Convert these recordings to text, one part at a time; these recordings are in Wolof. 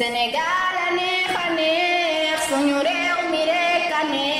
Sénégal a neex a neex suñu réew mi rek a neex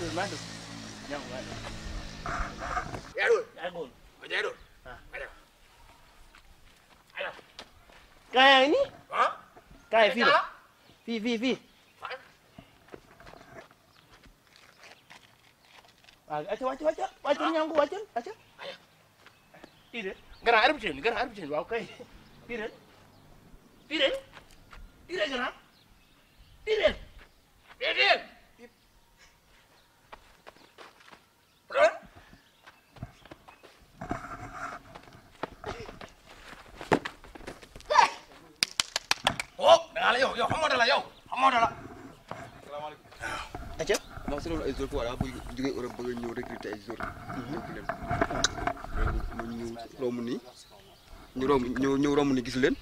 Jaaduwul maa dugg jaaduwul maa dugg. jaaduwul jaaduwul ma jaaduwul ah ma dem kaa yaa ngi nii. ah kaa yi fii la fii fii fii. waaw acca wàcc wàcc wàcc ñangu wàcc acca. fii de gannaaw arbitre bi gannaaw arbitre bi waaw fii de fii de fii de gannaaw fii de fii oh da ngaa la yow yow xamoo dala yow xamoo dala. asalaamaaleykum. waaw. atiwaat. waaw si loolu ay joueurs quoi daa bëgg jógee Europe bëgg ñëw recruter ay joueurs. ñëpp leen. waaw ñu ñëw romb nii. ñu romb ñëw ñëw romb nii gis leen.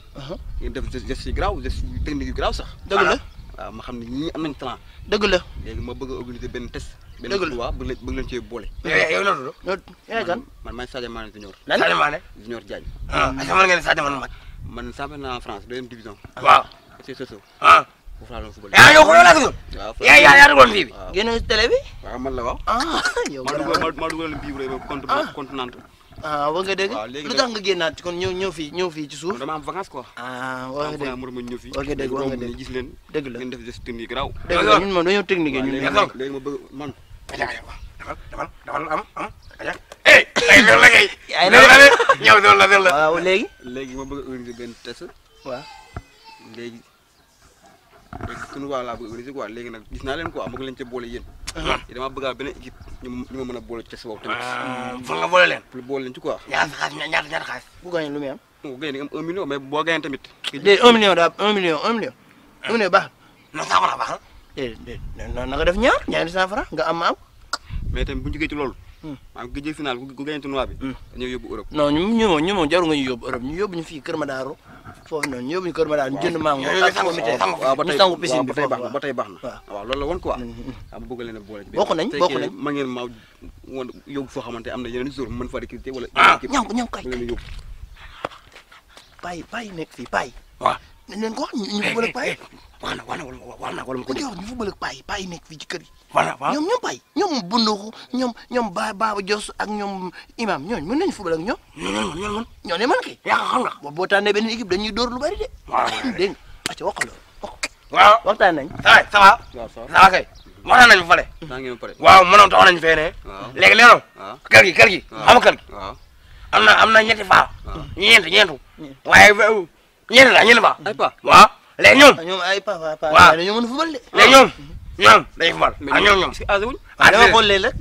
ñu def geste yu garaaw geste technique yu garaaw sax. dëgg la waaw ma xam ne ñii am nañ talent. dëgg la léegi ma bëgg a organiser benn test. dëgg la waaw bëgg bëgg leen cee boole. yow loolu la. yow kan man man Sadio Mané junior. lan Sadio Mané junior Diagne. ah ayca man nga ne Sadio Mané man. man championnat en France deuxième division. Ah. waaw c'est ça. ah foofu laa doon football. ah yow foofu laa dugg. waaw foofu yaa yaa duggoon fii bi. génn ci télé bi. waaw man la waaw. ah yow man la waaw maa duggoon bii bu rëy ba ah. continent continent. ah wax nga dëgg lu tax nga génnaat ci kon ñëw ñëw fii ñëw fii ci suuf dama am vacance quoi ah wax nga dëgg ma ñëw fii wax nga dëgg wax nga dëgg gis leen dëgg la ngeen def geste technique raw dëgg la ñun moom dañoo technique ñun léegi ma bëgg man nga jàng ko damal damal damal am am aja eh la la kay ay la la ñëw doon la doon la waaw léegi léegi ma bëgg organiser benn test waaw léegi léegi suñu waa laa bëgg organiser quoi léegi nag gis naa leen quoi bëgg leen ca boole yéen uh-huh. dama bëgg a benn équipe ñu ñu ma mën a boole ci test boobu tamit uh, fan nga boole leen pour boole leen ci quoi ñaata xaalis ñaata ñaata xaalis bu gagné lu muy am bu gagné di nga am un million mais boo gagné tamit léegi un million daal un million un million un million baax na saako la baax na eh na nga def ñaar ñaari cent franc nga am ma am. mais tamit bu ñu jógee ci loolu. Hmm. maanaam ki jël final ku gagné tournoi bi. Hmm. dañoo yóbbu Europe. non ñu ñu moom ñu moom jarul nga ñu yóbbu Europe ñu yóbbu ñu fii Kër Madaaro foofu noonu ñu yóbbu ñu Kër ma ñu jënd mango ak comité ñu sangu piscine bi foofu ba tey baax na waaw loolu la woon quoi. Hmm, am bëgg leen a boole ci bokk nañ bokk nañ ma ngeen ma woon yóbbu foo xamante am na yeneen jour mën fa recruter wala. ah ñaw ñaw kay nekk fii bàyyi nañ leen ko wax ñu eh, football ak eh, paa yi. Eh, wax na wax na wax na wala mu ko dégg. ñu football ak paa yi paa yi nekk fii ci kër yi. voilà waaw ñoom ñoom paa yi ñoom bunduxu ñoom ñoom Ba Baba Jos ak ñoom Imaam ñooñu mën nañu football ak ñoom. ñooñu mën ñooñu mën. ñooñu mën kay. yaa xam nga. boo boo tànnee benn équipe dañuy dóor lu bari de. waaw dégg nga acca waxal loolu. waaw waxtaan nañ. ça va ça va. waaw ça va ah, kay. waxtaan nañu fële. naa ngeen pare. waaw mënoon taxaw nañu fee ne. waaw léegi léegi. waaw kër gi kër gi. waaw xam nga kër gi. waaw am na am na ñetti faa. ñeent ñeentu. waaye la ñeneen ba. ay pa waaw léegi ñoom. ñoom ay pa waaw pa waaw dañoo mën a fubal de. léegi ñoom xool leen rek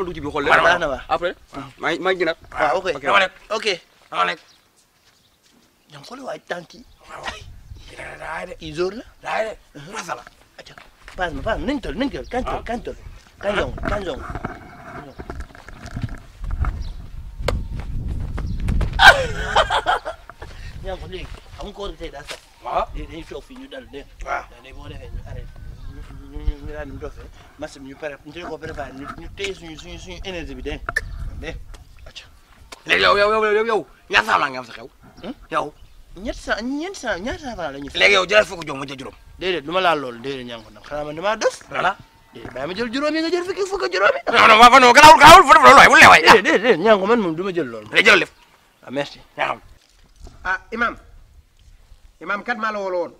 lu ci bi xool leen. baax na baax après maa ngi maa ngi a. waaw ok dama nekk ok dama la daay de masala. atiwa paas ma paas ma nañ toll nañ toll kañ toll kañ ñaan ko léegi xam nga kóor bi tey daa sax. waaw léegi dañuy toog fii ñu dal dégg nga. waaw léegi boo defee ñu arrêté ñu ñu ñu daan doon fee marché bi ñu pare ñu tey ko préparé ñu ñu téye suñu suñu suñu énergie bi dégg nga dégg léegi yow yow yow yow ñaar cent franc nga am sa xew. yow ñett cent ñeent cent ñaar cent franc la ñu. léegi yow jëlal fukk jox ma ca juróom. déedéet du ma laal loolu déedéet ñaa ngi ko ndax xanaa man damaa def. voilà déedéet bàyyi ma jël juróom yi nga jël fukki fukk juróomi. non non waaw non garaawul garaawul fa def loolu waay bu lee waay. déedéet déedéet ñaa ngi ko man moom du ma jël loolu. léegi jëlal def. waaw merci. yaa xam ah imaam imaam kat maa la woolu woon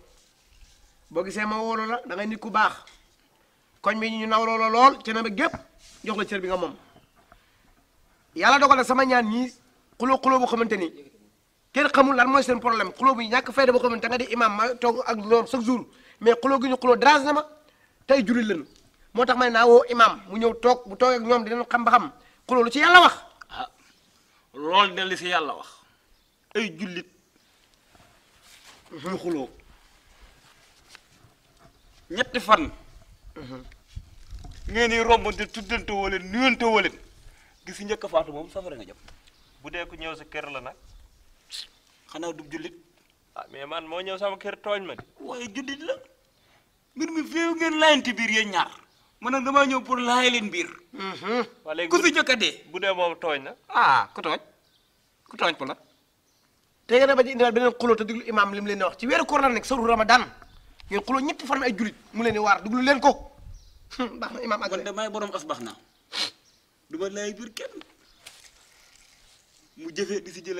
boo gisee ma woolu la da ngay nit ku baax koñ bi ñu nawloo la lool ci na ba gépp jox la cër bi nga moom yàlla dogal na sama ñaan ñi xuloo xuloo boo xamante ni kenn xamul lan mooy seen problème xuloo bu ñàkk fayda boo xamante nga di imaam ma toog ak loolu chaque jour mais xuloo gi ñu xuloo dérangé na ma tey jullit lañu moo tax ma ne naa woo imaam mu ñëw toog mu toog ak ñoom dinañ xam ba xam xuloo lu ci yàlla wax ah loolu dina si yàlla wax ay jullit ñu xuloo ñetti fan ngeen di rombante tuddante wala nuyante wala gis njëkk faatu moom safara nga jëm bu dee ku ñëw sa kër la nag xanaa du jullit ah mais man moo ñëw sama kër tooñ ma di waaye jullit la mbir mi féew ngeen laayante biir yéen ñaar man nag damaa ñëw pour laay leen biir mhm. ku njëkk a dee moom tooñ na ah ku tooñ ku tooñ ko te ngeen a bañ a indiwaat beneen xuloo te déglu imaam li mu leen wax ci weeru koor la nekk sawru ramadan ngeen xuloo ñetti fan ay julit mu leen di waar leen ko hmm, baax na imaam ak kon damay borom as baax na du ma lay biir kenn mu jëfee di si hmm.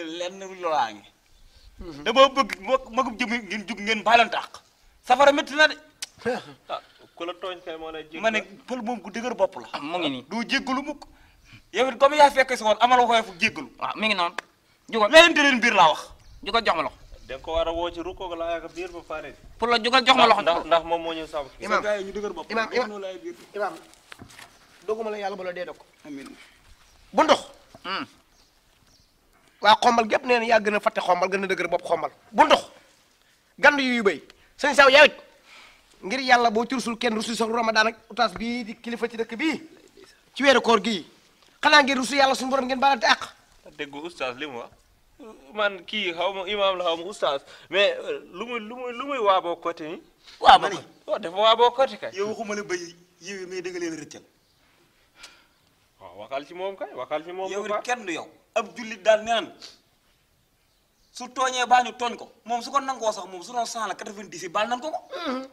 bëgg moo magum jëm ngeen ngeen baalantaax safara métti na ah, la tooñ kay moo lay jéggal ma bopp la ah, mu ngi nii du jéggalu fekke si woon amal ah, mi ngi noonu jugal biir laa wax jugal jox ma loxo. da ko a woo ci rukkoo la ak pour la jugal jox ma loxo. ndax ndax moom moo ñu sàmm. imaam gars yi ñu dëgër bopp. imaam imaam doguma la yàlla ba la dee dog. amiin bu ndox. Hmm. waa xombal gépp nee na yaa gën a fàtte xombal gën a dëgër bopp xombal bu ndox gand yu yu béy ngir yàlla boo ci rusul kenn rusul sax ramadan daan utaas bii di kilifa ci dëkk bii ci weeru koor gii xanaa ngeen rusul yàlla suñu borom ngeen baal a àq. déggu ustaas wax. man kii xaw ma imaam la xaw ma oustaz mais euh, lu muy lu muy lu muy waaboo côté ni waabo oh, waaw dafa waaboo côté kay yow waxuma la bay yow mais da nga leen rëccal waaw moom kay waxal ci moom yow kenn du yow ab jullit daal naan su tooñee baa ñu tooñ ko moom su ko nangoo sax moom su doon cent la quatre vingt nan ko ko mm-hmm.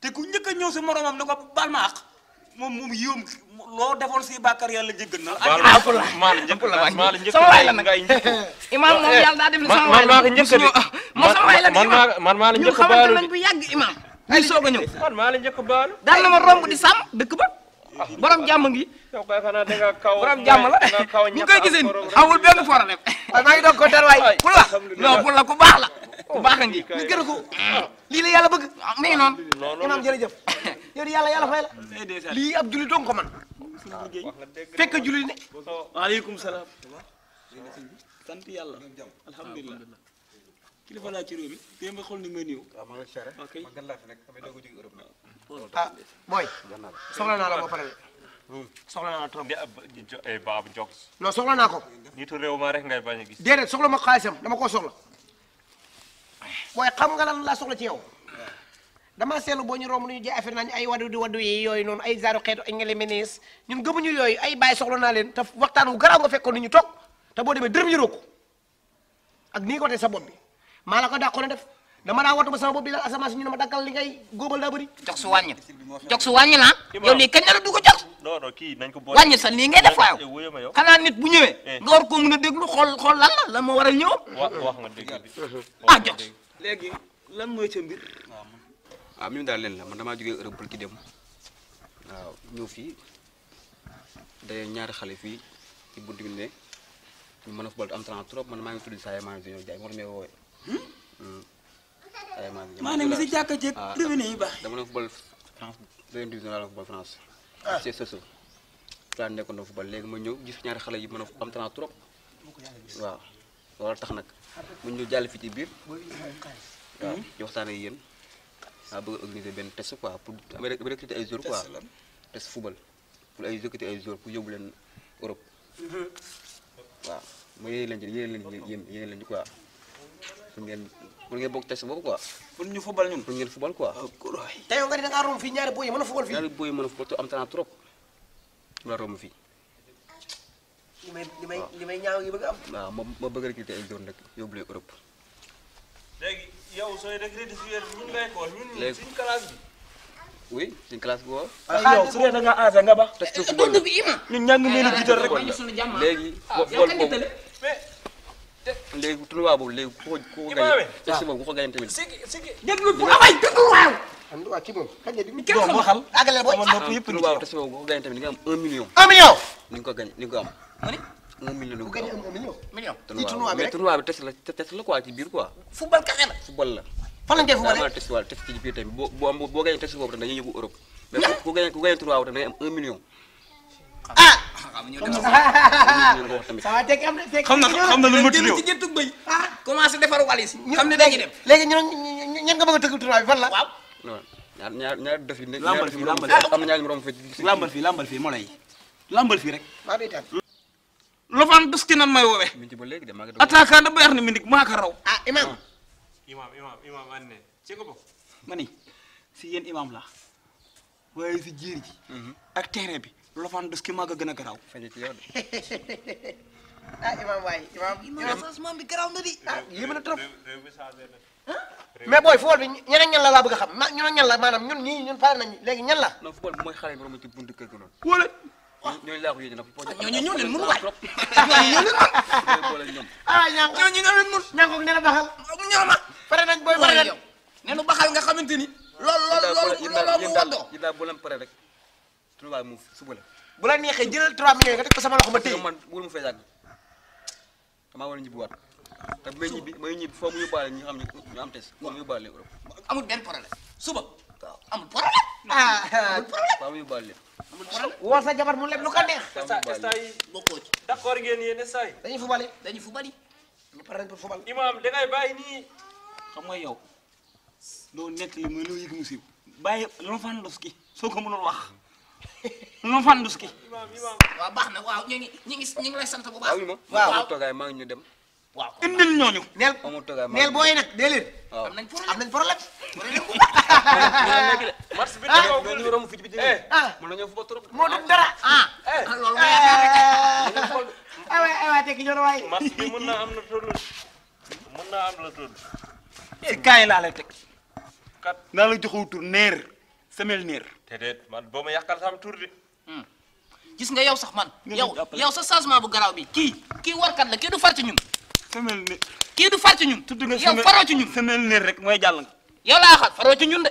te ku njëkk ñëw si moromam ne ko baal ma àq moom moom yiwam loo defoon si bàkkaar yàlla jéggal na la. ak maa la njëkk la maa la njëkk sama waay la nag imaam moom yàlla daa def ne sama waay la man man sama waay la man man maa la njëkk baalu ñu xamante nañ bu yàgg imaam ñu soog a ñëw man maa la njëkk baalu daan na ma romb di sàmm dëkk ba borom jàmm ngi yow kay xanaa da nga kaw borom jàmm la ñu koy gisee amul benn fora rek waaye maa ngi doon ko dal waay pour la non pour la ku baax la oh. ku baax a ngi ñu gën a ko lii la yàlla bëgg ah, mi ngi noonu imaam jërëjëf kër yàlla yàlla fay lii ab julli doon ko man fekk julli ne waaleykum salaam sant yàlla alhamdulilah kilifa laa ci ni nga néew waaw ah, ma nga cere ma gën laa fi nekk damay doog a jóge Europe nag ah booy soxla naa la boo pare hmm. soxla naa la trop baab jox eh, non soxla naa ko nitu réew ma rek ngay bañ a gis déedéet soxla ma xaalisam dama koo soxla booy xam nga la laa soxla ci yow dama seetlu boo ñu romb lu ñu jël affaire nañu ay wadu di wadu yi yooyu noonu ay zaaru xeetu ay ngele menees ñun gëmuñu yooyu ay bàyyi soxla naa leen te gara wu garaaw nga fekkoon ni ñu toog te boo demee dërëm yëroo ko ak ko te sa bopp bi maa la ko dàqoon def dama daa watu ba sama bi la asamaan ñu ma daggal li ngay góobal daa bëri jox su wàññil jox su wàññil ah yow lii kañ la la du ko jox non non ko boole wàññil sax lii ngay def waaw eh, xanaa nit bu ñëwee eh. nga war koo mën a déglu xool xool lan la lan moo waral ñëw ah jox léegi lan mooy ca waaw ah, mimi daal leen la man damaa jógee Europe bul ki dem waaw ñëw fii day ñaari xale fii ci bunt bi ne ñu mën a football am talent trop man maa ngi tudd Salimane Junior Ndiaye war mee woowe Salimane Junior maa ngi si jàkka jëkk revenu dama doon football France deuxième division ah. laa nekkoon doon football léegi ma ñëw gis ñaari xale yi mën a am talent trop waaw loolu tax nag mu ñëw jàll fii ci biir hmm? waaw ñu waxtaanee yéen maa ah, bëgg a organiser benn test quoi pour ah. recruter ay joueurs quoi test football pour ay recruter ay joueurs leen Europe mhm. waaw mooy yéen lañ ci yéen lañ yéen yéen lañ quoi pour ngeen pour ngeen bokk test ñu football pour ah, a football fii. ñaari booy yi mën a football te am talent trop mën a romb li may li may li may ñaaw yi bëgg bëgg recruter ay joueurs nag yóbbu leen Europe. yow sooy dégré di suyeer ñun ngay xool ñun suñ classe bi. oui suñ classe bi waaw. ah yow su dee da nga aase nga ba. teg ci góor la ñun ña ngi mel ni jiital rek. Ah, léegi ah, bool boobu léegi tournoi boobu léegi ku ko ku ko gagné. waaw si moom ku ko gagné tamit. si si déglu bu amay ah, déglu waaw. am na waa kii moom xaj na déglu. kenn waxal àggale booy. ah tournoi boobu te si moom ku ko gagné tamit di nga am un million. un million. ni nga ko gagné ni nga ko am. un million de. ku gagné am un million. million ci tournoi bi rek tournoi bi test la test la quoi ci biir quoi. football kese la. football la. fan lañ koy footballee daa test waaw test ci biir tamit boo boo boo gagné test boobu tam dañuy yóbbu Europe. mais ku gagné ku gagné tournoi boobu tam da ngay am un million. ah. xam na xam na lu ma tudd yow ah commencé defar walis xam ne dañuy dem léegi ñu ñan nga bëgg a tëgg tournoi bi fan la. waaw non ñaar ñaar ñaar def yi. lambal fii lambal fii am na ñaar ñu romb fii. lambal fii lambal fii moo lay. lambal fii rek. maa ngi tànn. lofaan duski nan may woowe attaquant da bayar ni mindik maa ko raw ah imam ah. imam imam imam ma ni si yéen imam la waaye si jiir ji mhm. ak terrain bi lofaan duski maa ko gën a garaaw ah imam waay imam imam changement bi garaaw na di ah yéeme na trop mais booy football bi ñeneen ñan la laa bëgg a xam ma ñun ñan la maanaam ñun ñii ñun pare nañ léegi ñan la non football bi mooy xale bi romb ci buntu kër gi noonu ñooñu laa ko yéene nag. Ah, ñooñu ñoo leen mun waay ah, ah, ñooñu ñoo leen mun. ah ñaŋ ñooñu ñoo leen mun. ñaŋ nañ booy pare nañ. nee na nga xamante ni. loolu loolu loolu loolu mu wandoo. yi daal boo leen pare rek. tubaab mu suba la. bu la neexee jëlal 3 millions nga teg ko sama loxo ma téye. man wóor mu fay yàgg damaa war a ñibbiwaat. te bu may ñibbi may ñibbi foo mu yóbbaale ñu xam ñu am tes. foo mu yóbbaale Europe. amul benn suba. Ah, ah. amul problème. amul problème Babu amul problème woo sa jabar mu leb lu ko neex. saa yi bokkoo ci. d'accord ngeen yéen fu yi. dañu fubali dañuy fubali. ñu pare pour fubal. imaam dangay bàyyi nii. xam nga yow loo nekk li muy loo yëg mu siiw. bàyyi Lofandoski soo ko mënul wax Lofandoski. imaam imaam waaw baax na waaw ñu ngi ñu ngi ñu ngi lay sant bu baax. waaw waaw toogaay ñu dem. waaw indil ñooñu. neel neel booy nag dee am nañ problème am nañ problème. mars bi moo dugg dara ah. loolu nga yaakaar rek. aywa aywa tekki ñor waay. mars bi mën naa am la toll. mën naa am la toll. kaay laa lay teg. kat naa la joxewu tur neer semel neer. déedéet man boo ma yàqal sama tur de. gis nga yow sax man. yow yow sa changement bu garaaw bi kii kii warkat la kii du far ci ñun. femelle ne kii du far ci ñun. tudd nga yow faroo ñun. femelle nit rek mooy jàll nga. yow laa xam faroo ci ñun de.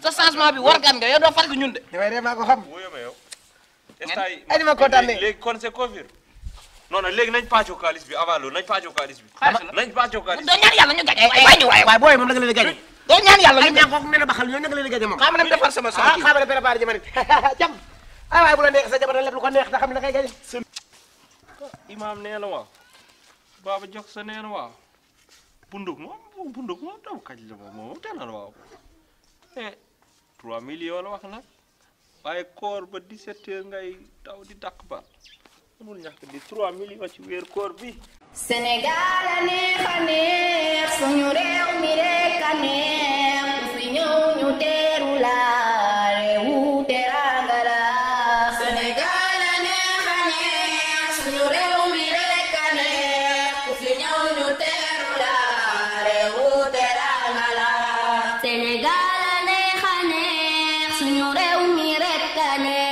sa changement bi war gan nga yow doo far ci ñun de. damay dem maa ko xam. wóoyoo ma bi avant nañ pàccoo xaalis bi. bi. doo ñaan yàlla ñu gañe. waaye waaye waaye booy moom la nga leen di doo ñaan yàlla na ba xal ñoo nga leen di gañe moom. xaaral ma defar sama sama kii ah xaaral préparé jamono jam ay waaye bu la neex sa jabar lépp lu ko neex da xam ne da Baba Diakhousa nee na waaw bunduk moom bunduk moom daw kañ la moom moom te nan waaw eh 3 millions la wax na waaye koor ba set heures ngay daw di dàq ba mënul ñàkk di 3 millions ci weer koor bi. Sénégal a neex a neex suñu réew mi rek a neex ku ñëw ñu teeru la. ñu réew mi rekk a